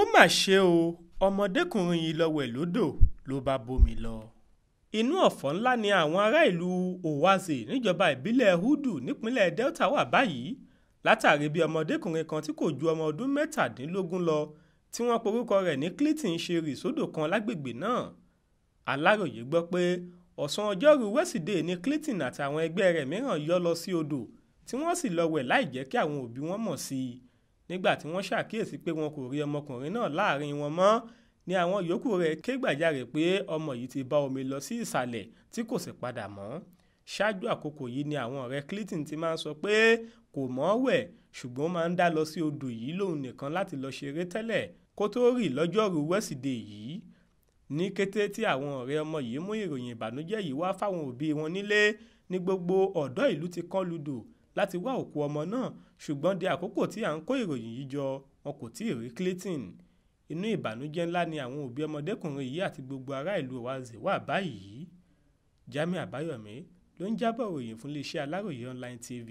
ó mà ṣe o ọmọdékùnrin yìí lọ wẹ̀ lódò ló bá bómi lọ. inú ọ̀fọ̀ ńlá ni àwọn ará ìlú Owaze níjọba ìbílẹ̀ Udu nípínlẹ̀ Delta wà báyìí látàrí bí ọmọdékùnrin kan tí kò ju ọmọ ọdún mẹ́tàdínlógún lọ tí wọ́n porúkọ rẹ̀ ní Clinton ṣe rì sódò kan lágbègbè náà Aláròyé gbọ́ pé ọ̀sán ọjọ́rú wẹ́sídẹ̀ẹ́ ni Clinton àtàwọn ẹgbẹ́ rẹ̀ mìíràn yọ́ lọ sí odò tí wọ́n sì lọ wẹ̀ láì jẹ́ kí àwọn òbí wọn mọ̀ sí i nígbà tí wọ́n ṣàkíyèsí pé wọn kò rí ọmọkùnrin náà láàrin wọn mọ́ ni àwọn yòókù rẹ̀ ké gbàjarè pé ọmọ yìí ti bá omi lọ sí ìsàlẹ̀ tí kò sì padà mọ́ ṣáájú àkókò yìí ni àwọn ọ̀rẹ́ Clinton ti máa ń sọ pé kò mọ̀ wẹ̀ ṣùgbọ́n máa ń dá lọ sí odò yìí lòun nìkan láti lọ ṣeré tẹ́lẹ̀ kó tó rì lọ́jọ́rú wẹ́sídẹ̀ẹ́ yìí ní kété tí àwọn ọ̀rẹ́ ọmọ yìí mú ìròyìn ìbànújẹ́ yìí wá fáwọn òbí wọn nílé ní gbogbo ọ̀dọ́ ìlú ti kán ludò láti wá òkú ọmọ náà ṣùgbọ́n di àkókò tí à ń kó ìròyìn yìí jọ wọn kò tí ì rí Clayton inú ìbànújẹ́ ńlá ni àwọn òbí ọmọdékùnrin yìí àti gbogbo ará ìlú Owaze wà báyìí Jamiu Àbáyọ̀mí ló ń jábọ̀ ròyìn fún iléeṣẹ́ Aláròye Online TV